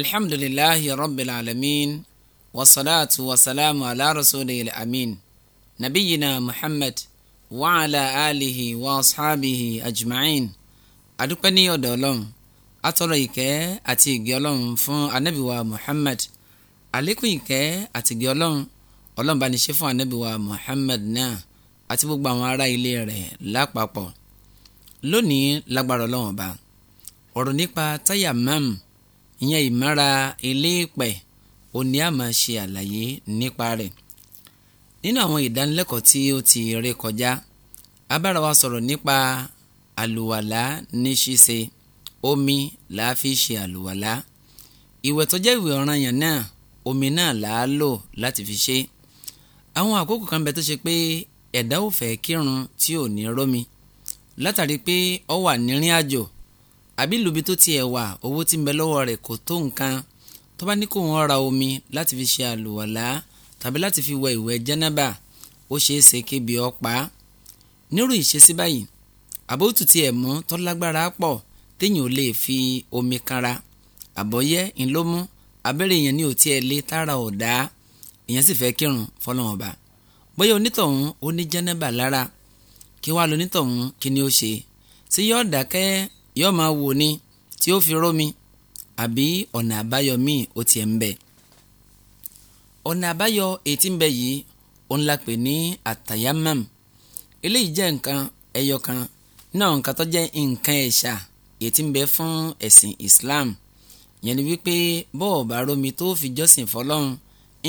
alhamdulillahi rabbil alamin wasalaatu wasalaamu ala rasulil amin nabiyina muhammad wa ala alihi wa ashabihi ajma'in adúpẹ́ ní ọ̀dọ̀ ọlọ́run atọrọ ìkẹ́ àti ìgẹ́ ọlọ́run fún anabiwa muhammad àlékún ìkẹ́ àti ìgẹ́ ọlọ́run ọlọ́run bá ní ṣe fún anabiwa muhammad náà àti gbogbo àwọn ará ilé rẹ̀ lápapọ̀ lónìí lágbára ọlọ́run ọba ọ̀rọ̀ nípa tayammum ìyẹn ìmára eléèpẹ̀ òní a máa ṣe àlàyé nípa rẹ̀ nínú àwọn ìdánilẹ́kọ̀ọ́ tí ó ti ré kọjá a bára wa sọ̀rọ̀ nípa àlùwàlá ní ṣíṣe omi làá fi ṣe àlùwàlá ìwẹ̀ tó jẹ́ ìwẹ̀ ọ̀ranyàn náà omi náà làá lò láti fi ṣe àwọn àkókò kan bẹ tó ṣe pé ẹ̀dá ò fẹ́ kírun tí ò ní rómi látàrí pé ó wà nírìn àjò àbí lùbí tó tiẹ̀ wà owó tí ń bẹ lọ́wọ́ rẹ̀ kò tó nǹkan tó bá ní kó wọn ra omi láti fi ṣe àlùwàlá tàbí láti fi wẹ ìwẹ̀ jẹ́nàbà ó ṣeé ṣe kébi ọ̀pá nírú ìṣesí báyìí àbótú tiẹ̀ mú tó lágbára pọ̀ téèyàn ò lè fi omi kanra àbọ̀yẹ́ ńlọ́mú abẹ́rẹ́ èèyàn ní òtí ẹ̀ lé tára ọ̀dá èèyàn sì fẹ́ kírun fọlọ́wọ́n bóyá onítọ̀hún ó ní jẹ́nàbà lára kí wàá lo onítọ̀hún kí ni ó ṣe ṣé yóò dákẹ́ yóò máa wò ni tí ó fi rómi àbí ọ̀nà àbáyọ míì ó tiẹ̀ ń bẹ. ọ̀nà àbáyọ ètí ń bẹ yìí ó ń la pè ní àtàyámàm eléyìí jẹ́ nǹkan ẹyọ kan náà nǹkan tó jẹ́ nǹkan ẹ̀ṣà ètí ń bẹ fún ẹ̀sìn Islam yẹn ni wípé bọ́ọ̀ bá rómi tó fi jọ́sìn fọlọ́run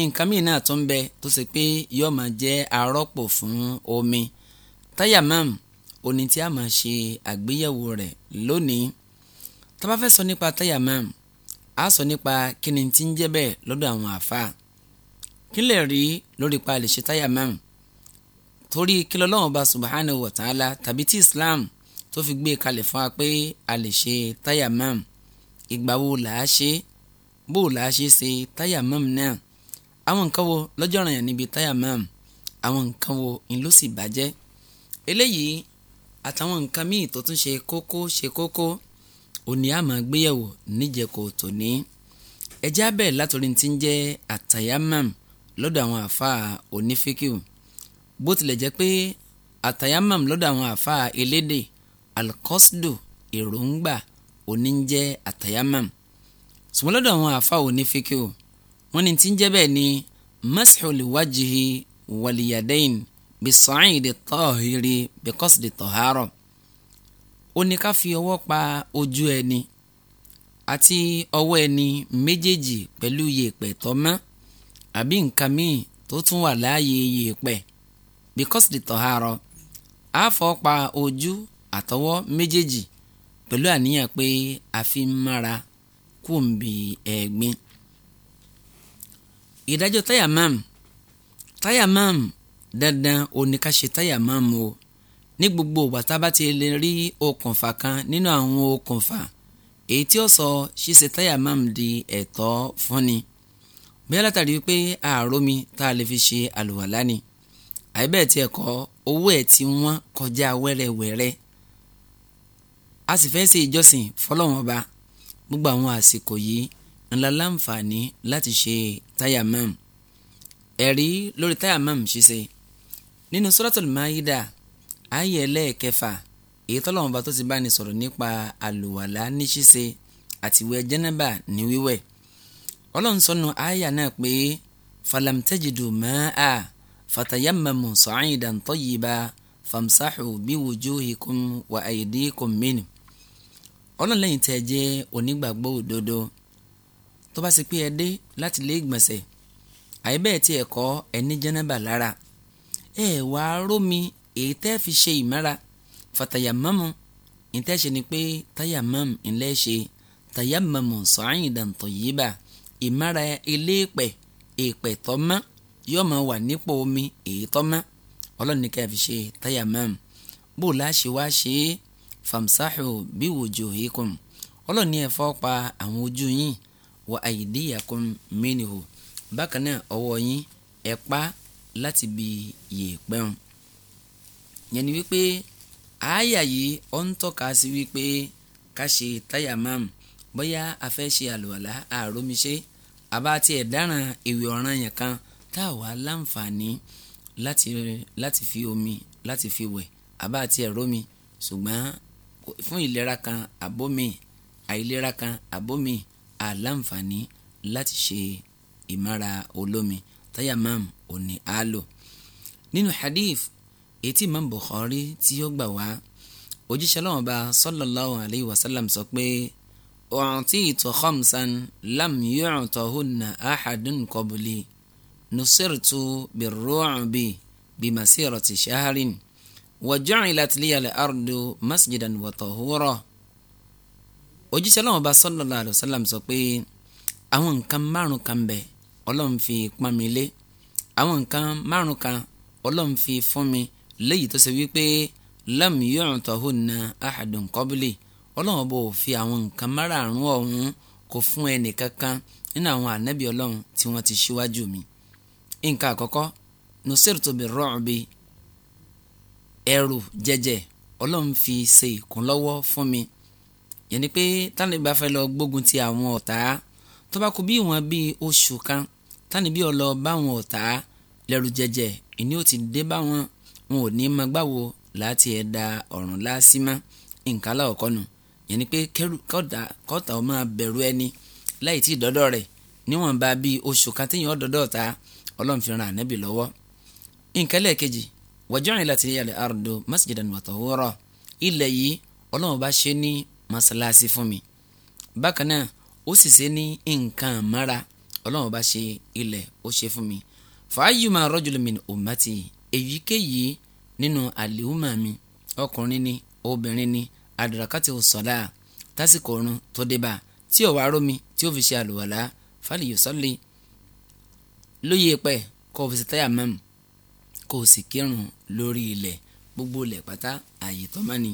nǹkan míì náà tó ń bẹ tó ṣe pé yóò máa jẹ́ arọ́pò fún omi tayamam òní tí a máa ṣe àgbéyẹ̀wò rẹ̀ lónìí tá bá fẹ́ sọ nípa tayammum a sọ nípa kíni tí ń jẹ́ bẹ́ẹ̀ lọ́dọ̀ àwọn àfa kí lè rí lórí pa lè ṣe tayammum torí kí lọ́lọ́run bá subhanahu wa ta'ala tàbí tí Islam tó fi gbé e kalẹ̀ fún wa pé a lè ṣe tayammum ìgbà wo là á ṣe bó là á ṣe ṣe tayammum náà àwọn nǹkan wo lọ́jọ́ ràn yàn níbi tayammum àwọn nǹkan wo ń ló sì bàjẹ́ eléyìí àtàwọn nǹkan míì tó tún ṣe kókó ṣe kókó òní àmọ́ gbéyẹ̀wò níjẹ̀kọ̀ tòní ẹjẹ́ abẹ́ látòrí ti ń jẹ́ àtàyámàm lọ́dọ̀ àwọn àfáà onífíkìw bó tilẹ̀ jẹ́ pé àtàyámàm lọ́dọ̀ àwọn àfáà elédè alkosdo èròǹgbà òní ń jẹ́ àtàyámàm ṣùgbọ́n lọ́dọ̀ àwọn àfáà onífíkìw wọ́n ní ti ń jẹ́ bẹ́ẹ̀ ni masihul wajihi waliyadain bisaidi tọ́hìrì bíkọ́sìdì tọ́hárọ̀ ó ní ká fi ọwọ́ pa ojú ẹni àti ọwọ́ ẹni méjèèjì pẹ̀lú yèèpẹ̀ tọ́mọ́ àbí nǹkan míì tó tún wà láàyè yèèpẹ̀ bíkọ́sìdì tọ́hárọ̀ á fọ́ pa ojú àtọwọ́ méjèèjì pẹ̀lú àníyàn pé a fi ń mára kùnbì ẹ̀gbin ìdájọ́ tayamam tayamam dandan òní ká ṣe táyà máa mu o ní gbogbo ìgbà tá a bá ti lè rí okùnfà kan nínú àwọn okùnfà èyí tí ó sọ ṣíṣe táyà máa mu di ẹ̀tọ́ fúnni bí alátàrí pé àárọ̀ mi tá a lè fi ṣe àlùwàlá ni àìbẹ́ẹ̀ tiẹ̀ kọ́ owó ẹ̀ tí wọ́n kọjá wẹ́rẹ́wẹ́rẹ́ a sì fẹ́ ṣe ìjọsìn fọlọ́wọ́n ọba gbogbo àwọn àsìkò yìí ńlá láǹfààní láti ṣe táyà máa mu ẹ̀rí lórí táyà máa mu ṣíṣe nínú suratul maida ayé ẹlẹ́ẹ̀kẹfà èyí tọ́lọ́wọ́n bá tó ti bá ní sọ̀rọ̀ nípa àlùwàlá ní ṣíṣe àtiwẹ̀ jẹ́nẹ́bà ní wíwẹ̀ ọlọ́run sọnù ayé náà pé falam tajidu ma'a fatayammamu sa'idan tayyiba famsahu biwujuhikum wa aydikum minhu ọlọ́run lẹ́yìn tẹ́ jẹ́ onígbàgbọ́ òdodo tó bá ṣe pé ẹ dé láti ilé ìgbọ̀nsẹ̀ àyè bẹ́ẹ̀ kọ́ ẹni jẹ́nẹ́bà lára ẹ wá rómi èyí tẹ́ fi ṣe ìmára fatayamamu ìtẹ́ṣe ni pé tayamam ńlẹ́ ṣe tayamamu sa'idan tayyiba ìmára eléèpẹ̀ èèpẹ̀ tọ́mọ́ yóò máa wà nípò omi èyí tọ́mọ́ ọlọ́run ní fi ṣe tayamam bó la wá ṣe é famsahu bi wujuhikum ọlọ́run ní ẹ pa àwọn ojú yín wa aydiyakum minhu bákan náà ọwọ́ yín láti bi yèèpẹ̀ yẹn ni wípé àáyà yìí ó ń tọ́ka sí wípé ká ṣe tayamam bóyá a fẹ́ ṣe àlùwàlá àrómiṣe àbá tiẹ̀ dáràn ìwé ọ̀ràn yẹn kan tá a wà láǹfààní láti láti fi omi láti fi wẹ̀ àbá tiẹ̀ rómi ṣùgbọ́n fún ìlera kan àbómi àìlera kan àbómi àláǹfààní láti ṣe ìmára olómi tayamam òní á lò nínú hadith etí Imam Bukhari tí ó gbà wá òjíṣẹ́ lọ́wọ́ bá sallallahu alayhi wa sallam sọ pé u'titu khamsan lam yu'tahunna ahadun qabli nusirtu birru'bi bimasirati shahrin wa ju'ilat liya al-ardu masjidan wa tahura òjíṣẹ́ lọ́wọ́ bá sallallahu alayhi wa sallam sọ pé àwọn nǹkan kan bẹ Ọlọ́run fi pọ́n àwọn nǹkan márùn kan ọlọ́run fi fún mi léyìí tó ṣe wípé lam yu'tahunna ahadun qabli ọlọ́run bò fi àwọn nǹkan márààrún ọ̀hún kò fún ẹnì kankan nínú àwọn ànábì ọlọ́run tí wọ́n ti ṣíwájú mi. nǹkan àkọ́kọ́ nusirtu birru'bi ẹ̀rù jẹjẹ ọlọ́run fi ṣe ìkúnlọ́wọ́ fún mi yẹn ni pé tani bá fẹ́ lọ gbógun ti àwọn ọ̀tá tó bá kù bí ìwọ̀n bíi oṣù kan tánibí ọlọ báwọn ọ̀tá lẹ́rù jẹjẹ ìní ò ti dé báwọn wọn ò ní máa gbáwo láti ẹ̀dá ọ̀run láásí má nǹkan aláwọ̀kọ́ nù yẹn ni pé kọ́ta ọ máa bẹ̀rù ẹni láì tí ìdọ́dọ̀ rẹ̀ níwọ̀n bá bí oṣù kan téèyàn ọ̀dọ́dọ̀ ta ọlọ́run fi ran ànábì lọ́wọ́ nǹkan lẹ́ẹ̀kejì wọ́jọ́rin láti yàrá àrùndó masjidan wa tahura ilẹ̀ yìí ọlọ́run bá ṣe ní masalasi fún mi bákan náà ó sì ṣe ní nǹkan àmára ọlọ́run bá ṣe ilẹ̀ ó ṣe fún mi fàáyùmá rọ́jòló mi ummati èyíkéyìí nínú àlèhùmá mi ọkùnrin ni obìnrin ni àdàràkàtì sọ̀dá tásìkò ọ̀run tó débà tí ò wá rómi tí ó fi ṣe àlùwàlá fàlì yòsọ́lì lóye pẹ́ kó o fi ṣe táyà mọ́mù kó o sì kírun lórí ilẹ̀ gbogbo ilẹ̀ pátá ààyè tó má ni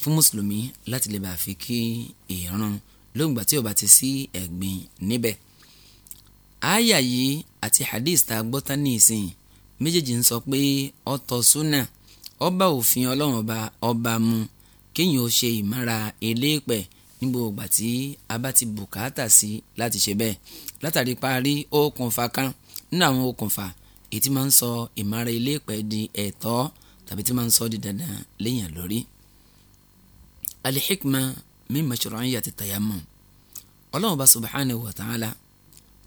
fún mùsùlùmí láti lè bàa fi kí ìrun lóògbà tí ò bá ti sí ẹ̀gbin níbẹ̀ àyà yìí àti hadith tá a gbọ́ tán ní ìsìn méjèèjì ń sọ pé ọtọ̀ súnà ọba òfin ọlọ́run ọba ọba mu kéèyàn ó ṣe ìmára eléèpẹ̀ ní gbogbo ìgbà tí a bá ti bùkátà sí láti ṣe bẹ́ẹ̀ látàrí parí okùnfà kan nínú àwọn okùnfà èyí tí máa ń sọ ìmára eléèpẹ̀ di ẹ̀tọ́ tàbí tí máa ń sọ di dandan léèyàn lórí. alihikma mi mashru'iyyati tayammum ọlọ́run ọba subhanahu wa ta'ala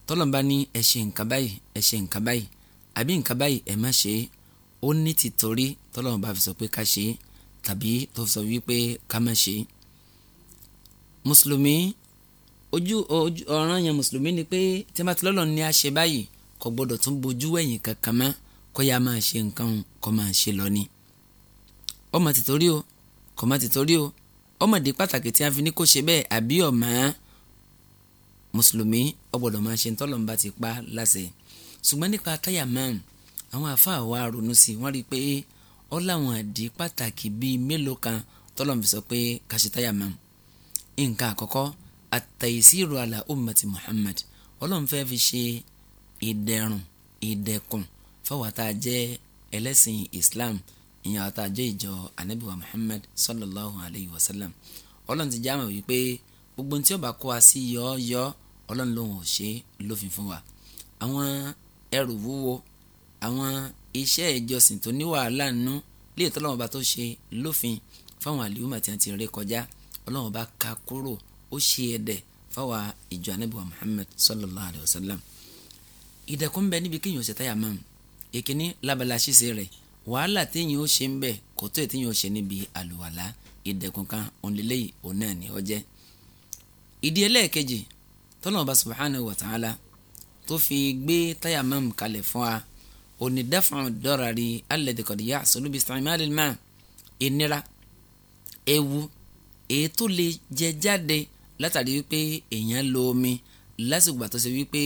tọ́lọ́mbà ní ẹ ṣe nǹkan báyìí ẹ ṣe nǹkan báyìí àbí nǹkan báyìí ẹ má ṣe é ó ní ti torí tọ́lọ́mbà fi sọ pé ká ṣe é tàbí tó fi sọ wípé ká má ṣe é. mùsùlùmí ojú ọ̀ràn yẹn mùsùlùmí ni pé tí wọ́n ti lọ́lọ́ ní a ṣe báyìí kò gbọ́dọ̀ tún bojú ẹ̀yìn kankan mọ́ kó yá máa ṣe nǹkan kó máa ṣe lọ ni. ọmọ tìtorí o kò má tìtorí o ọmọdé pàtàkì tí a fi ní kó ṣe bẹ́ẹ̀ àbí ọ̀mọ́ mùsùlùmí ọgbọ́dọ̀ máa ṣe ntọ́lọ́n bá ti pa láṣẹ ṣùgbọ́n nípa tayammum àwọn àfáà wa ronú sí wọ́n rí i pé ó láwọn àdí pàtàkì bíi mélòó kan tọ́lọ́n fi sọ pé ká ṣe tayammum nǹkan àkọ́kọ́ àtàyèsírò àlà ummati Muhammad ọlọ́run fẹ́ fi ṣe ìdẹ̀rùn ìdẹ̀kùn fáwọn tá jẹ́ ẹlẹ́sìn Islam ìyẹn àwọn tá jẹ́ ìjọ anabiwa Muhammad sallallahu alayhi wa sallam ọlọ́run ti gbogbo tí ọba kó wa sí yọ yọ ọlọ́run lòun ò ṣe lófin fún wa àwọn ẹrù wúwo àwọn iṣẹ́ ìjọsìn tó ní wàhálà nínú lè tọ́lọ́run ọba tó ṣe lófin fáwọn àlìhùmà tí wọ́n ti ré kọjá ọlọ́run ọba ká kúrò ó ṣe ẹ̀dẹ̀ fáwọn ìjọ anábìwá Muhammad sallallahu alayhi wa sallam ìdẹ̀kùn bẹ níbi kéèyàn ṣe táyà mọ́m ìkíní lábala ṣíṣe rẹ̀ wàhálà téèyàn ó ṣe ń bẹ̀ kò tó ètéèyàn ó ṣe níbi àlùwàlá ìdẹ̀kùn kan òǹlẹ́lẹ́yìí òun náà ni ó jẹ́ ìdí ẹlẹ́ẹ̀kejì tọ́nà ọba subhanahu wa ta'ala tó fi gbé táyà mọ́m kalẹ̀ fún wa òní dáfọ̀n dọ́rari alẹ́dẹ̀kọ̀dìyà sọlúbi sàmìlélmà ìnira ewu èyí tó lè jẹ jáde látàrí wípé èèyàn lo omi lásìkò tó ṣe wípé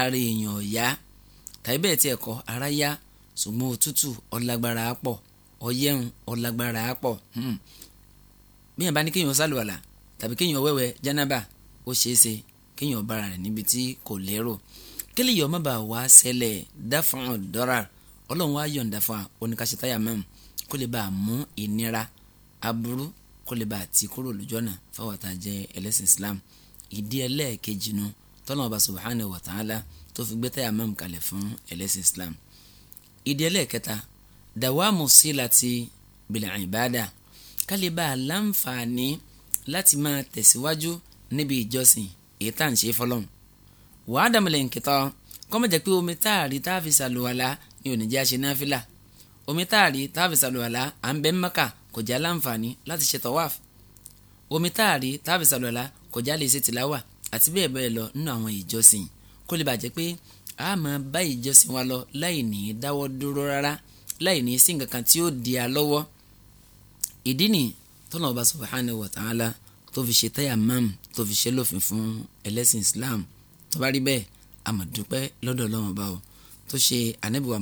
ara èèyàn ọ̀yá tàbí bẹ́ẹ̀ tí ẹ̀kọ́ ara yá ṣùgbọ́n òtútù ọ̀lágbára pọ̀ ọ̀yẹ́hùn ọ̀lágbára pọ̀ hmm. bí yẹn bá ní kéèyàn sálùwàlà tàbí kéèyàn wẹ̀wẹ̀ jánábà ó ṣeé ṣe kéèyàn bára rẹ̀ níbi tí kò lérò kílì yọ̀ mọ́ba wá ṣẹlẹ̀ dáfọ̀n dọ́ra ọlọ́run wá yọ̀ǹda fún wa oníkàṣe táyà mẹ́m kó lè bá a mú ìnira aburú kó lè bá a ti kúrò lójú ọ̀nà fáwọn àtàjẹ ẹlẹ́sìn Islam ìdí ẹlẹ́ẹ̀kejì nu tọ́lọ́run ọba subhanahu wa ta'ala tó fi gbé táyà mẹ́m kalẹ̀ fún ẹlẹ́sìn Islam ìdí ẹlẹ́ẹ̀kẹta dàwámù sílati bil ibada ká lè bá a láǹfààní láti máa tẹ̀síwájú níbi ìjọsìn èyí tá à ń ṣe fọlọ́n wàá dàmìlẹ̀ nkìtọ́ kọ́mọ̀jẹ̀ pé omi táàrí tá a ni ò ní jẹ́ àṣẹ náfìlà omi táàrí tá a fi ṣàlùwàlá à ń bẹ Mẹ́kà kò já láǹfààní láti ṣe tọ́wáf omi táàrí tá a fi ṣàlùwàlá kò já lè ṣe tìláwà àti bẹ́ẹ̀ bẹ́ẹ̀ lọ nínú àwọn ìjọsìn kó lè bàjẹ́ pé a máa bá ìjọsìn wa lọ láì ní dáwọ́ dúró rárá láì ní sí nǹkan kan tí ó di a ìdí nìyí tọ́lọ́wọ́ bá subhanahu wa ta'ala tó fi ṣe tayammum tó fi ṣe lófin fún ẹlẹ́sìn Islam tó bá rí bẹ́ẹ̀ a máa dúpẹ́ lọ́dọ̀ Ọlọ́run bá tó ṣe Ànábì wa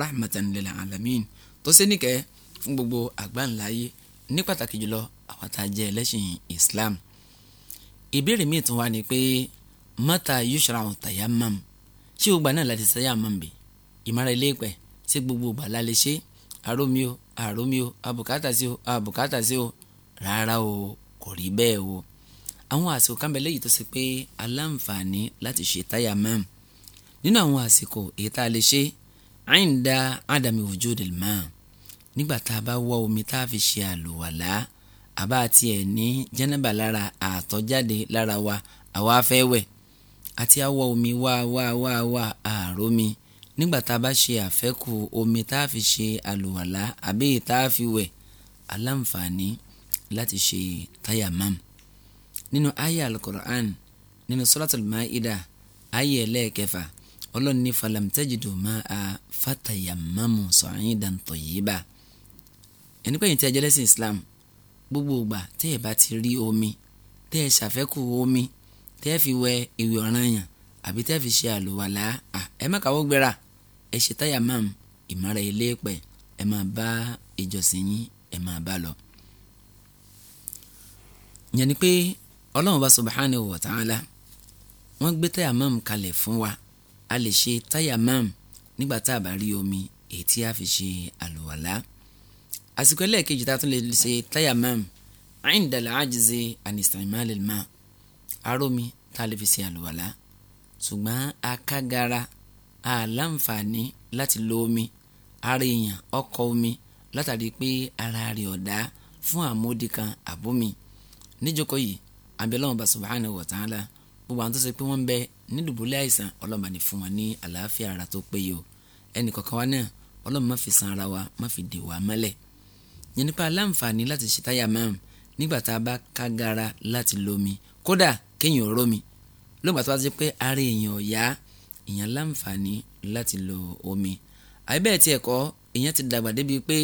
rahmatan lil alamin tó ṣe níkẹ́ fún gbogbo àgbáńláyé ní pàtàkì jùlọ àwọn tá a jẹ́ ẹlẹ́sìn Islam ìbéèrè míì tún wá ni pé mata yusra tayammum ṣé gbogbo àná láti tayammum bì ìmára ilé ìpẹ́ ṣé gbogbo ìgbà la ṣe àrómi o àrómi o àbùkátà sí o àbùkátà sí o rárá o kò rí bẹ́ẹ̀ o àwọn àsìkò kan bẹ lẹ́yìn tó ṣe pé aláǹfààní láti ṣe táyà mọ́m nínú àwọn àsìkò èyí tá a lè ṣe àyìndá ádámì wujudil ma nígbà tá a bá wá omi tá a fi ṣe àlùwàlá àbá tiẹ̀ ní jẹ́nẹ́bà lára àtọ́jáde lára wa àwa fẹ́ wẹ̀ àti àwọ̀ omi wá wá wá wá àrómi nígbà tá a bá ṣe àfẹ́kù omi tá a fi ṣe àlùwàlá àbí tá a fi wẹ̀ aláǹfààní láti ṣe tayamam nínú aya al-Qur'an nínú suratul ida aya ẹlẹ́ẹ̀kẹfà ọlọ́run ní falam tajidu ma'a fatayamamu sa'idan tayyiba ẹni pé tí a jẹ́ lẹ́sìn Islam gbogbo ìgbà tẹ́ ẹ bá ti rí omi tẹ́ ẹ ṣàfẹ́kù omi tẹ́ ẹ fi wẹ ìwẹ̀ ọ̀ranyàn àbí tẹ́ ẹ fi ṣe àlùwàlá ẹ má káwọ́ gbéra ẹ ṣe tayamam ìmára ilé pẹ̀ ẹ máa bá ìjọsìn yín ẹ máa bá lọ. yẹn ni pé ọlọ́run bá subhanahu wa ta'ala wọ́n gbé tayamam kalẹ̀ fún wa a lè ṣe tayamam nígbà tá a bá rí omi èyí tí a fi ṣe àlùwàlá àsìkò ẹlẹ́ẹ̀kejì tá a tún lè ṣe tayamam àyìndàlà àjèjì ànìsàmìmálẹ̀lmá arómi tá a lè fi ṣe àlùwàlá ṣùgbọ́n akágara àlàǹfààní láti lo omi ara èèyàn ọkọ̀ omi látàrí pé ara rẹ̀ ọ̀dá fún àmódi kan àbómi níjókòó yìí abẹ́lẹ́wọ̀n bá subhanahu wa ta'ala gbogbo àwọn tó ṣe pé wọ́n ń bẹ nídùbúlẹ̀ àìsàn ọlọ́mọ ni fún wọn ní àlàáfíà ara tó péye o ẹnì kọ̀ọ̀kan wa náà ọlọ́mọ má fi san ara wa má fi dè wá mọ́lẹ̀ yẹn nípa aláǹfààní láti ṣe táyà máàmù nígbà tá a bá kágara láti lomi kódà kéèyàn rómi lóògbà tó bá ti pé ara èèyàn ọ̀yá èèyàn láǹfààní láti lo omi àbẹ́ẹ̀ tiẹ̀ kọ́ èèyàn ti dàgbà débi pé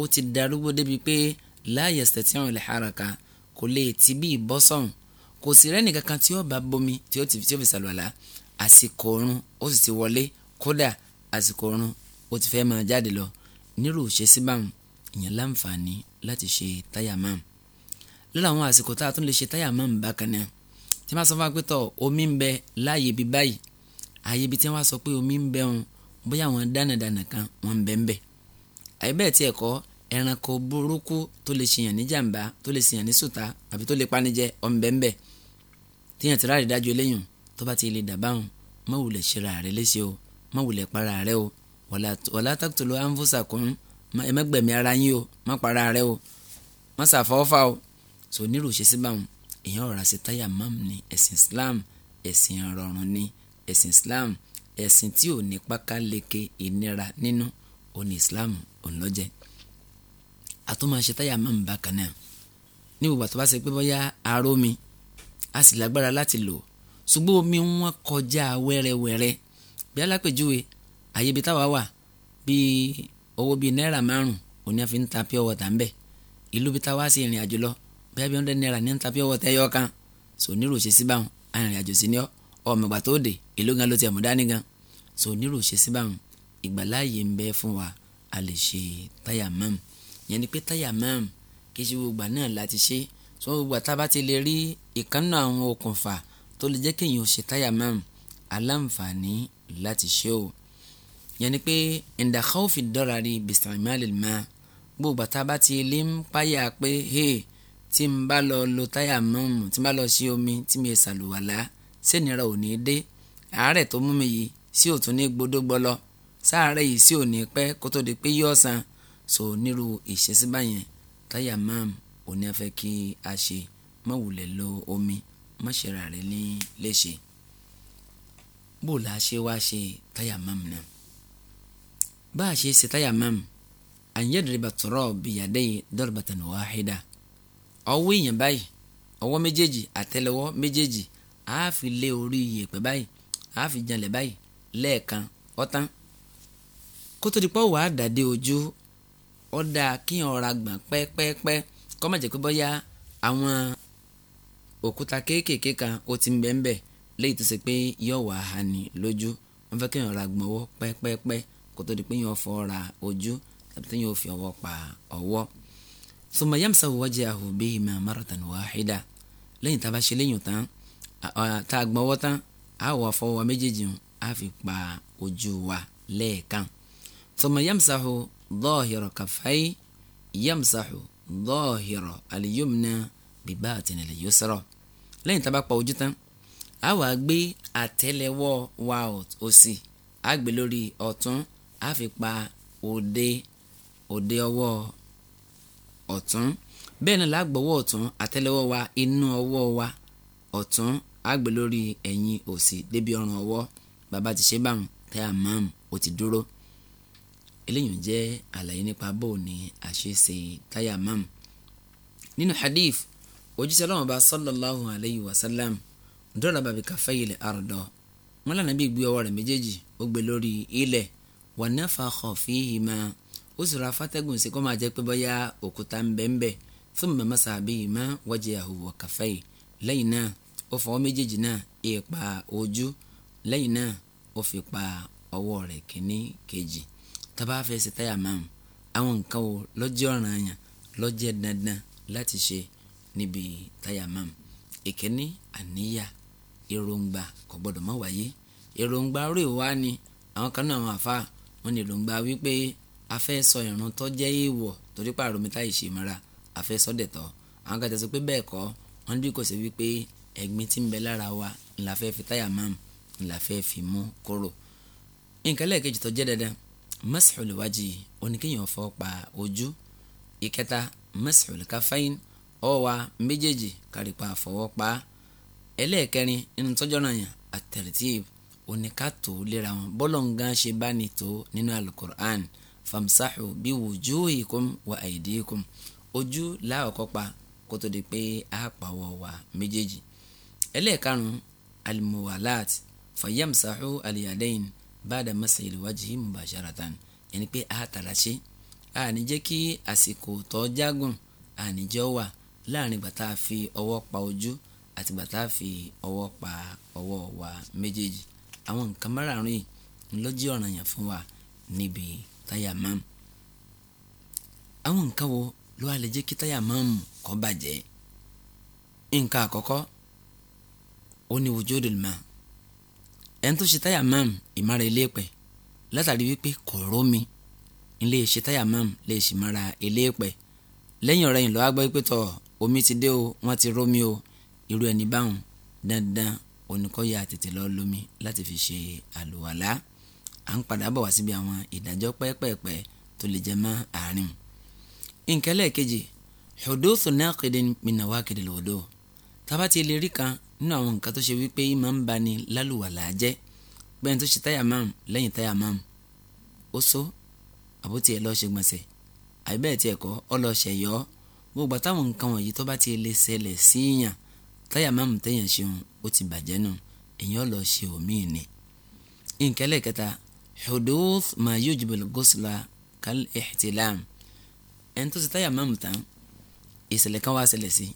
ó ti darúgbó débi pé láàyè sẹ̀tìrán ilẹ̀ haraka kò lè ti bí ìbọ́sọ̀n kò sí rẹ́nì kankan tí ó bá bomi tí ó ti fi sàlùwàlá àsìkò oorun ó sì ti wọlé kódà àsìkò oorun ó ti fẹ́ máa jáde lọ nírú ìṣesí báwọn èèyàn láǹfààní láti ṣe táyà máa lọ́la àwọn àsìkò tá a tún lè ṣe táyà máa bákan náà tí wọ́n sọ fún wa pé tọ̀ omi ń bẹ láàyè bíi báyìí ààyè ibi tí wọ́n sọ pé omi ń bẹ òun bóyá àwọn dánadànà kan wọ́n ń bẹ ń bẹ àyè bẹ́ẹ̀ tiẹ̀ kọ́ ẹranko burúkú tó lè ṣèyàn ní jàǹbá tó lè ṣèyàn ní sùtá àbí tó lè panijẹ ọ̀n bẹ ń bẹ tíyàn ti ráàrí dájú eléyìn tó bá ti lè dàbáhùn má wulẹ̀ ṣera rẹ léṣe o má wulẹ̀ para rẹ o wàlá taqtulu anfusakum ẹ má gbẹ̀mí ara yín o má para rẹ o má ṣàfọ́fà o sọ nírú ṣe síbàwọn èèyàn ọ̀rá ṣe táyà máàmù ẹ̀sìn Islam ẹ̀sìn rọrùn ni ẹ̀sìn Islam ẹ̀sìn tí ò ní pákáleke ìnira nínú òní Islam ònlọ́jẹ́ àtúmọ̀ṣe táyà máa ń bá kan náà ní ìwà tó bá ṣe pé bóyá aró mi a sì lágbára láti lò ṣùgbọ́n omi wọn kọjá wẹ́rẹ́wẹ́rẹ́ bí alápèjúwe àyè ibi táwa wà bíi owó bíi náírà márùn òní àfi ń ta pure water ń bẹ̀ ìlú bí táwa sì rìn àjò lọ bí abiyọ́ndé náírà ní ń ta pure water ẹyọ kan sò ní ròṣe sí arìnrìn àjò sí ni ọ́ ọmọ ìgbà tó dé èló gan ló ti ẹ̀mú dání gan so nírò ṣe sí báwọn ìgbàláàyè ń bẹ fún wa a lè ṣe tayamam yẹn ni pé tayamam kì í ṣe gbogbo náà láti ṣe so gbogbo àtàbá ti lè rí ìkànnà àwọn okùnfà tó lè jẹ́ kéèyàn ṣe tayamam aláǹfààní láti ṣe o yẹn ni pé ndàkọ́ọ̀fì dọ́ra rí bisamalilma gbogbo àtàbá ti lè ń páyà pé hey tí n bá lọ lo táyà mọ́ọ̀mù tí n bá lọ ṣe omi tí mi ì sàlùwàlá sẹ́nira ò ní dé àárẹ̀ tó mú mi yìí sí òtún ní gbódógbọ́lọ́ sáàárẹ̀ yìí sí òní pẹ́ kó tó di pé yóò san so nírú ìṣesí báyẹn táyà máàmù òní afẹ́ kí a ṣe má lo omi má ṣe ra rẹ̀ ní léṣe bó la ṣe wá ṣe táyà máàmù náà bá a ṣe ṣe táyà máàmù àyẹ̀dẹ̀rẹ̀bà tọ̀rọ̀ bìyàdẹ́yìn dọ́rọ̀bàtàn wàhídà ọwọ́ èèyàn báyìí ọwọ́ méjèèjì àtẹ́lẹwọ́ méjèèjì a fi lé orí iyèpẹ̀ báyìí a fi janlẹ̀ báyìí lẹ́ẹ̀kan ọ̀tán kótó dípọ̀ wàá dàdé ojú ọ̀dà kí n ọ̀ra gbọ̀n pẹ́pẹ́pẹ́ kọ́ má jẹ́ pé bọ́yá àwọn òkúta kéékèèké kan ó ti ń bẹ̀ ń bẹ̀ léyìí tó ṣe pé yóò wá hani lójú wọ́n fẹ́ kí n ọ̀ra gbọ̀n ọwọ́ pẹ́pẹ́pẹ́ kótó dípọ̀ yóò fọ ọ̀ra ojú tàbí tó yóò fi ọwọ́ pa ọwọ́ summa yamsahu wajhahu bihima maratan wahida lẹ́yìn tá a bá ṣe léyìn tán tá a gbọ́n ọwọ́ tán a wà fọwọ́ méjèèjì hàn a fi pa ojú wa lẹ́ẹ̀kan tọmọ yamsahu dọ́ọ̀hìrọ̀ kàfáì yamsahu dọ́ọ̀hìrọ̀ àlìyómìnà bíbá àtẹnìlẹ̀ yóò sọ̀rọ̀ lẹ́yìn tá a bá pa ojú tán a wà gbé àtẹ́lẹwọ́ wa òsì a gbé lórí ọ̀tún a fi pa òde òde ọwọ́ ọ̀tún bẹ́ẹ̀ náà lágbọ̀wọ́ ọ̀tún àtẹ́lẹwọ́ wa inú ọwọ́ wa ọ̀tún á gbé lórí ẹ̀yìn òsì débi ọrùn ọwọ́ bàbá ti ṣe báwọn tẹ́ àmàm ó ti dúró eléyìí jẹ́ àlàyé nípa bó ni a ṣe ṣe táyà àmàm nínú hadith òjíṣẹ́ ọlọ́run bá sallallahu alayhi wa sallam dọ́là bàbí kàfẹ́yìlì àrùdọ̀ wọn lànà bí gbé ọwọ́ rẹ̀ méjèèjì ó gbé lórí ilẹ̀ wà nafakha fihima ó sì ra fátẹ́gùn sí kó máa jẹ́ pé bọ́yá òkúta ń bẹ́ẹ̀ ń bẹ́ẹ̀ thumma masaha bihima wajhahu wa kaffayhi lẹ́yìn náà ó fọwọ́ méjèèjì náà ìpa ojú lẹ́yìn náà ó fi pa ọwọ́ rẹ̀ kìíní kejì tá bá fẹ́ ṣe táyà máa àwọn nǹkan wo lọ́jọ́ ọ̀ràn àyàn lọ́jẹ́ dandan láti ṣe níbi táyà máa ìkíní àníyà èròǹgbà kò gbọdọ̀ má wáyé èròǹgbà rè wá ni àwọn kan náà wọn àfa wọn ni èròǹgbà wípé a fẹ́ sọ ìrun tó jẹ́ èèwọ̀ torí pààrọ̀ mi táyì ṣe mọ́ra a fẹ́ sọ dẹ̀tọ́ àwọn kan tẹ̀sí pé bẹ́ẹ̀ kọ́ wọn bí kò sí wípé ẹ̀gbin tí ń bẹ lára wa ńlá fẹ́ fi táyà máa ńlá fẹ́ fi mú kúrò. nǹkan lẹ́ẹ̀kejì tó jẹ́ dandan mas'ul wajhi oníkéèyàn fọ́ pa ojú ìkẹta mas'ul kafain ọ̀wà méjèèjì kárípa àfọwọ́ pa ẹlẹ́ẹ̀kẹrin nínú tọ́jọ́ náà yàn at-tartib oníkàtó lera wọn bọ́lọ̀ ń gan ṣe bá ní tó nínú alukur'an famsahu bi wujuhikum wa aydikum ojú láàkọ́ pa kó tó di pé a pàwọ̀ wà méjèèjì ẹlẹ́ẹ̀karùn-ún alimuwalat fayamsahu aliyadain bada masayil wajihi mubasharatan ẹni pé a tara ṣe a ní jẹ́ kí àsìkò tó jágùn a ní jẹ́ wà láàrin gbàtà fi ọwọ́ pa ojú àti gbàtà fi ọwọ́ pa ọwọ́ wa méjèèjì àwọn nǹkan márààrún yìí ńlọ́jí ọ̀ranyàn fún wa níbi táyà máàmù àwọn nǹkan wo ló wà lè jẹ́ kí táyà máàmù kó bàjẹ́ nǹkan àkọ́kọ́ oni ní wujudul ma ẹni tó ṣe táyà mam ìmára eléèpẹ̀ látàrí wípé kò rómi ilé ṣe táyà mam lè ṣì mára eléèpẹ̀ lẹ́yìn ọ̀rẹ́yìn lọ́wọ́ gbọ́ pé tọ̀ omi ti dé o wọ́n ti rómi o irú ẹni báwọn dandan oníkọ́yà tètè lọ lómi láti fi ṣe àlùwàlá à ń padà bọ̀ wá síbi àwọn ìdájọ́ pẹ́ẹ́pẹ́ẹ́pẹ́ tó lè jẹ mọ́ àárín. nkẹ́lẹ́ kejì huduthu naqidin min nawaqidil wudu tábà ti lè rí kan nínú àwọn nǹkan tó ṣe wípé máa ń bani lálùwàlà jẹ́ bẹ́ẹ̀ tó ṣe táyà márùn lẹ́yìn táyà márùn ó só àbótí ẹ̀ lọ́ọ́ ṣe gbọ̀nsẹ̀ àbí bẹ́ẹ̀ tiẹ̀ kọ́ ọ lọ́ọ́ ṣẹ̀ yọ ọ́ gbogbo àtàwọn nǹkan wọ̀nyí tó bá ti lè ṣẹlẹ̀ síyàn táyà márùn téèyàn ṣeun ó ti bàjẹ́ nù èèyàn lọ́ọ́ ṣe òmíì ni. ìǹkẹ́lẹ̀ kẹta huduth ma yujibul gusla kal ihtilam ẹni tó ṣe táyà márùn tán ìṣẹ̀lẹ̀ kan wá ṣẹlẹ̀ sí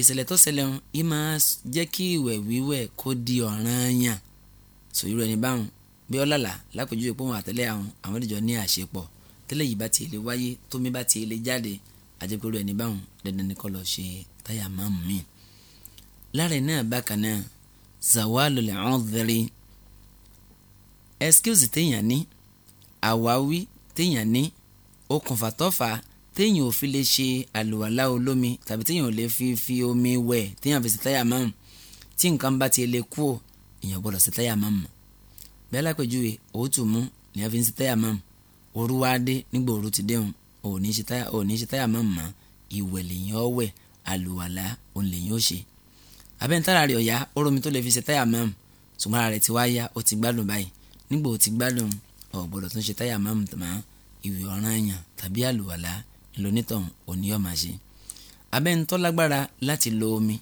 ìṣẹ̀lẹ̀ tó ṣẹlẹ̀ ń yìí máa jẹ́ kí ìwẹ̀ wíwẹ̀ kó di ọ̀ranyàn sọ irú ẹni báwọn bí ọlọ́lá lápẹjù ìpò wọn àtẹ́lẹ̀ àwọn àwọn ìdíjọ ní àṣepọ̀ tẹ́lẹ̀ yìí bá ti lè wáyé tómi bá ti lè jáde àjẹpẹ́rú ẹni báwọn dandan ni kó lọ ṣe táyà máa mú mi. lára iná bákan náà zawalul udhri excuse téèyàn ní àwáwí téèyàn ní okùnfà tọ́fà téèyàn ò fi lè ṣe àlùwàlá olómi tàbí téèyàn ò lè fi fi omi wẹ̀ téèyàn fi ṣe tayamam tí nǹkan bá ti lè kú ò èèyàn gbọ́dọ̀ ṣe tayamam bí alápèjúwe òótù mú ni a fi ń ṣe tayamam òru wá dé nígbà òru ti dẹ́hùn òní ṣe tayamam mọ́ ìwẹ̀ lèyìn ọ̀wẹ̀ àlùwàlá òun lèyìn ó ṣe abẹ́ntára rẹ̀ ọ̀yá oromi tó lè fi ṣe tayamam ṣùgbọ́n ara rẹ̀ ti wá yá lónítọ̀hún òní yóò máa ṣe abẹ́ ń tọ́ lágbára láti lo omi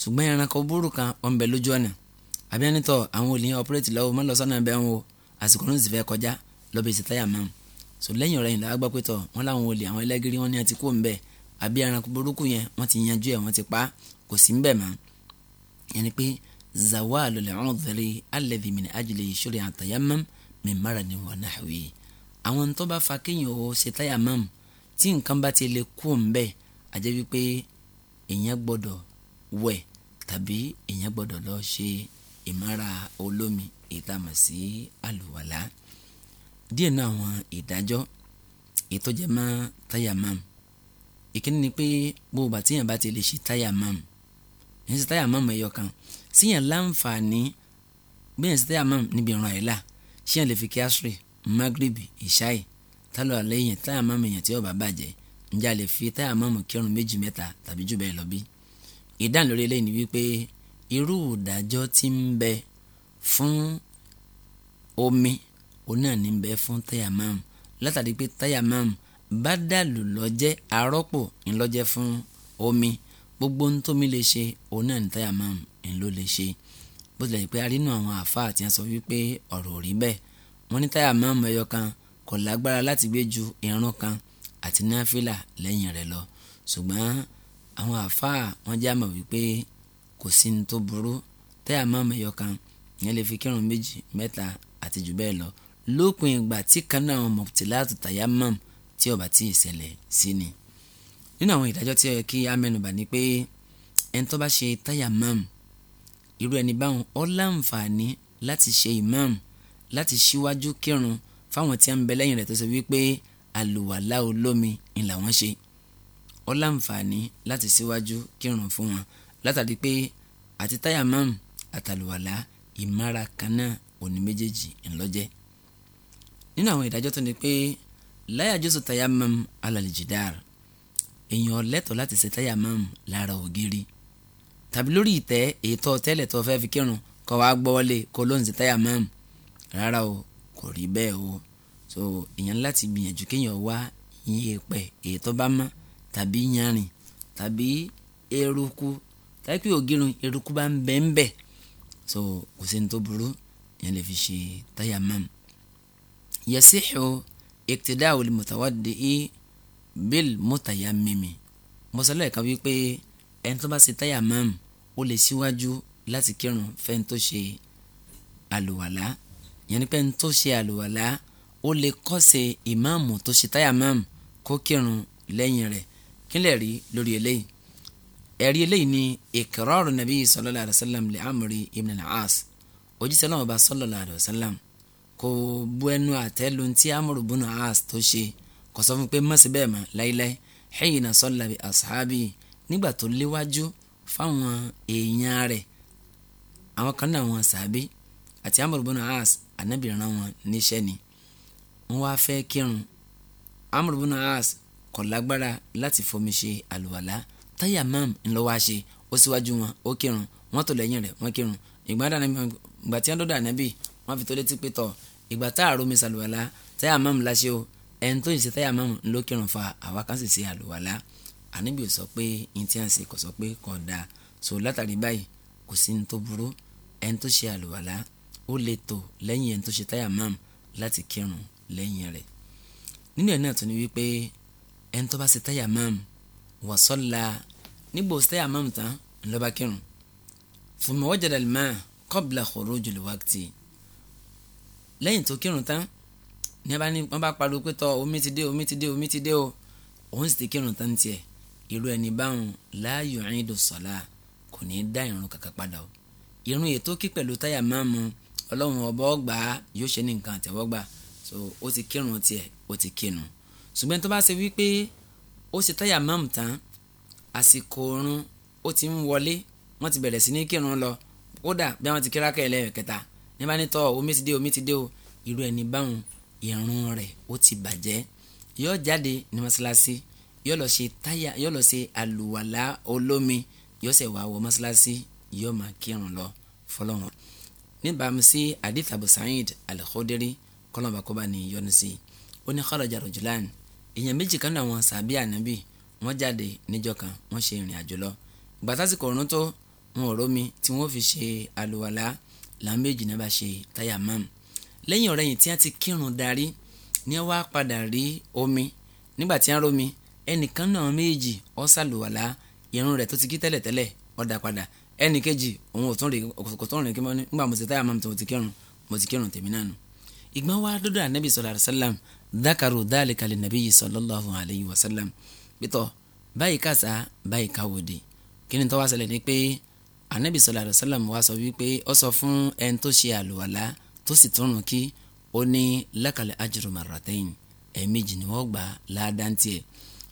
ṣùgbọ́n ẹranko burú kan ọ̀n bẹ lójú ọ̀nà abẹ́nitọ̀ àwọn olùyìn ọ̀pẹ́rẹ́tì lọ́wọ́ má lọ sọ́nà bẹ́ẹ̀ wọn o àsìkò náà sì fẹ́ kọjá lọ́bẹ̀ sí táyà máa lẹ́yìn ọ̀rẹ́yìn làwọn gbọ́ pé tọ̀ wọ́n láwọn olè àwọn ẹlẹ́gìrì wọn ni àti kó ń bẹ̀ ẹranko burúkú yẹn wọ́n ti yanjú ẹ̀ wọ́n ti pa kò sí ń mọ́ yẹnni pé zawa lọlẹ̀ ọ̀hún tẹ̀lé alẹ́bí mi ní ajílẹ̀ ìṣòro àtàyà mọ́m mi mara ni wọ́n náà wí. àwọn tó bá fa kéèyàn o ṣe táyà mọ́m tí nǹkan bá ti lè kú ńbẹ àjẹ́ wípé èèyàn gbọ́dọ̀ wẹ̀ tàbí èèyàn gbọ́dọ̀ lọ ṣe ìmára olómi ìtàmọ̀ sí àlùwàlá díẹ̀ náà àwọn ìdájọ́ ìtọ́jẹ́mọ́ tayamam ìkíní ni pé gbogbo bàtí yẹn bá ti lè ṣe tayamam yẹn ṣe tayamam ẹ̀yọ kan síyàn láǹfààní bí yẹn ṣe tayamam níbi ìran àìlà síyàn lè fi kí asri magribi ìṣáì tálọ̀ lẹ́yìn táyà mọ́mù yẹn tí ó bá bàjẹ́ ǹjẹ́ a lè fi táyà mọ́mù kírun méjì mẹ́ta tàbí jù bẹ́ẹ̀ lọ bí. ìdáhùn lórí eléyìí ni wípé irú ìdájọ́ tí ń bẹ fún omi òun náà ní bẹ fún táyà mọ́mù látàrí pé táyà mọ́mù bá dàlù lọ́jẹ́ arọ́pò ńlọ́jẹ́ fún omi gbogbo ń lè ṣe òun náà ní táyà mọ́mù ńlọ lè ṣe bó tilẹ̀ jẹ́ pé arínú àwọn àáfàá àti àsọ wípé ọ̀rọ̀ rí kò lágbára láti gbé ju irun kan àti náfìlà lẹ́yìn rẹ̀ lọ ṣùgbọ́n àwọn àfáà wọn já mọ̀ wípé kò sí ní tó burú tẹ́ àmọ́mọ́ ẹyọ kan ìyẹn lè fi kírun méjì mẹ́ta àti jù bẹ́ẹ̀ lọ lópin ìgbà tí kan náà àwọn mọ̀tìláàtù tayammum tí ó bá ìṣẹ̀lẹ̀ sí ni. nínú àwọn ìdájọ́ tí ó yẹ kí amẹ́nubà ni pé ẹni tó bá ṣe tayammum irú ẹni báwọn ó láǹfààní láti ṣe imam láti ṣíwájú kírun fáwọn tí a ń bẹ lẹ́yìn rẹ̀ tó ṣe wípé àlùwàlá olómi ni làwọn ṣe ó láǹfààní láti síwájú kírun fún wọn látàrí pé àti táyà mọ́m àtàlùwàlá ìmára kan náà òní méjèèjì ńlọ́jẹ́ nínú àwọn ìdájọ́ tó ní pé láyàjọ́sọ táyà mọ́m alàlìjìdáàr èèyàn lẹ́tọ̀ọ́ láti ṣe táyà mọ́m lára ògiri tàbí lórí ìtẹ́ ètò tẹ́lẹ̀ tó fẹ́ fi kírun kọ́ wa gbọ́ wọlé kó ló ṣe táyà mọ́m rárá o kò rí bẹ́ẹ̀ o so èèyàn láti gbìyànjú kéèyàn wá yẹ̀pẹ̀ èyí tó bá mọ́ tàbí yanrìn tàbí eruku tàbí pé ògirun eruku bá ń bẹ ń bẹ so kò sẹ́ni tó burú èèyàn lè fi ṣe tayammum. yasihu iktida'u al-mutawaddi'i bil mutayammimi mọ́sálẹ̀ kan wípé ẹni tó bá ṣe tayammum ó lè síwájú láti kírun fẹ́ni tó ṣe àlùwàlá yẹn ni pé ń tó ṣe àlùwàlá ó lè kọ́sẹ̀ ìmáàmù tó ṣe táyà máàmù kó kírun lẹ́yìn rẹ̀ kí lè rí lórí eléyìí ẹ̀rí eléyìí ni ìkìrọ́rù nàbí sallallahu alayhi wa sallam li amri ibn al-as òjíṣẹ́ náà ọba sallallahu alayhi wa sallam kò bu ẹnu àtẹ́ lu ti amru ibn al-as tó ṣe kò sọ fún pé mọ̀sí bẹ́ẹ̀ mọ̀ láíláí hina salla bi ashabi nígbà tó léwájú fáwọn èèyàn rẹ̀ àwọn kan náà wọn sàbí àti amru ibn al anabi rán wọn níṣẹ́ ni wọ́n wá fẹ́ kírun Amr ibn As kò lágbára láti fomi ṣe àlùwàlá Tayammum ńlọ wá ṣe ó síwájú wọn ó kírun wọ́n tó lẹ́yìn rẹ̀ wọ́n kírun ìgbà tí wọ́n dọ́dọ̀ ànábì wọ́n fi tó létí pé tọ̀ ìgbà tá àrò mi ṣàlùwàlá Tayammum la ṣe o ẹni tó yìí ṣe Tayammum ńlọ kírun fa àwa kan sì ṣe àlùwàlá ànábì sọ pé ntí à ń ṣe kò sọ pé kò dáa so látàrí báyìí kò sí ní tó burú ẹni tó ṣe àlùwàlá ó lè tò lẹ́yìn ẹni tó ṣe táyà mam láti kírun lẹ́yìn rẹ̀ nínú ẹ̀ náà tún ni wípé ẹni tó bá ṣe táyà mam wà sọ́la nígbò táyà mam tán ńlọ́ba kírun fún mi wọ́n jẹ́dá lè máa kọ́bìlà khuruj al-waqti lẹ́yìn tó kírun tán ní a bá ní wọ́n bá pariwo pé tọ́ omi ti dé omi ti dé omi ti dé o òun sì ti kírun tán tiẹ̀ irú ẹni báwọn la yu'idu salah kò ní í dá ìrun kàkà padà o ìrun ètò kí pẹ̀lú táyà máàmù ọlọ́run ọba ọgbà yóò ṣe ní nǹkan àtẹ̀wọ́gbà so ó ti kírun tiẹ̀ ó ti kírun ṣùgbọ́n tó bá ṣe wípé ó ṣe táyà mọ́m tán àsìkò oorun ó ti ń wọlé wọ́n ti bẹ̀rẹ̀ sí ní kírun lọ kódà bí wọ́n ti kíra kẹ́lẹ́ kẹta nígbà nítọ́ omi ti dé omi ti dé o irú ẹni báwọn ìrun rẹ̀ ó ti bàjẹ́ yóò jáde ní mọ́ṣáláṣí yóò lọ ṣe táyà yóò lọ ṣe àlùwàlá olómi yóò ṣẹ̀ wá wọ mọ́ṣáláṣí yóò máa kírun lọ fọlọ́run níbàámu sí hadith Abu Sa'id al-Khudri kọ́lọ́mà kọ́ba ní yọ́nú sí i ó ní kharaja rajulan èèyàn méjì kan náà wọn sàbí ànábì wọ́n jáde níjọ́ kan wọ́n ṣe ìrìn àjò lọ ìgbà tásìkò ọ̀run tó wọn ò rómi tí wọ́n fi ṣe àlùwàlá làwọn méjì náà bá ṣe tayammum lẹ́yìn ọ̀rẹ́yìn tí wọ́n ti kírun darí ni wọ́n wá padà rí omi nígbà tí wọ́n rómi ẹnìkan náà méjì ó ṣàlùwàlá ìrun tó ti kí tẹ́lẹ̀tẹ́lẹ̀ ó padà ẹnì kejì òun ò tún rè kò tún rè kí mọ́ ní nígbà mo ti táyà mọ́ mo ti kírun mo ti kírun tèmi náà ìgbọ́n wa dọ́dọ̀ anabi sallallahu alayhi wa sallam dákàrò dáàlì kalẹ̀ nàbí yìí sallallahu alayhi wa sallam pítọ̀ báyìí kàṣà báyìí káwòde kí ni tó wá ṣẹlẹ̀ ni pé anabi sallallahu alayhi wa sallam wa sọ wípé ó sọ fún ẹni tó ṣe àlùwàlá tó sì tún rùn kí ó ní lákàlẹ̀ ajru marratayn ẹ̀ẹ̀mejì ni wọ́n gbà láàdáńtì ẹ̀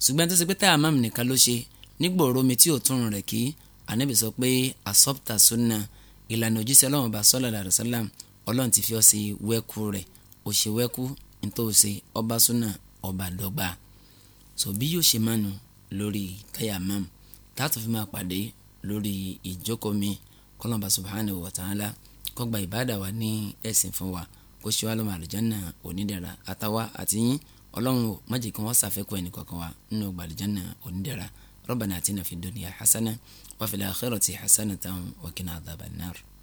ṣùgbọ́n tó ṣe pé táyà mọ́ anabi sọ pé asọ́pta sunna ìlànà òjíṣẹ́ ọlọ́run ọba sọ́lá àdàrẹ́sálà ọlọ́run ti fi ọ́ sí wẹ́kú rẹ̀ ó ṣe wẹ́kú nítòsí ọba sunna ọba dọ́gba so bí yóò ṣe mánu lórí kayamam táàtò fi máa pàdé lórí ìjókòó mi kọ́lọ́mbà subhanahu wa ta'ala kọ́gbà ìbáàdà wa ní ẹ̀sìn fún wa kó ṣe wá lọ́mọ àlùjánà onídẹ̀ra àtàwa àti yín ọlọ́run ò má jẹ́ kí wọ́n ṣàfẹ́kù ẹnì kọ̀ọ̀kan wa nínú ọgbà àlùjánà onídẹ̀ra rabbana atina fid dunya hasana وفي الآخرة حسنة وكنا عذاب النار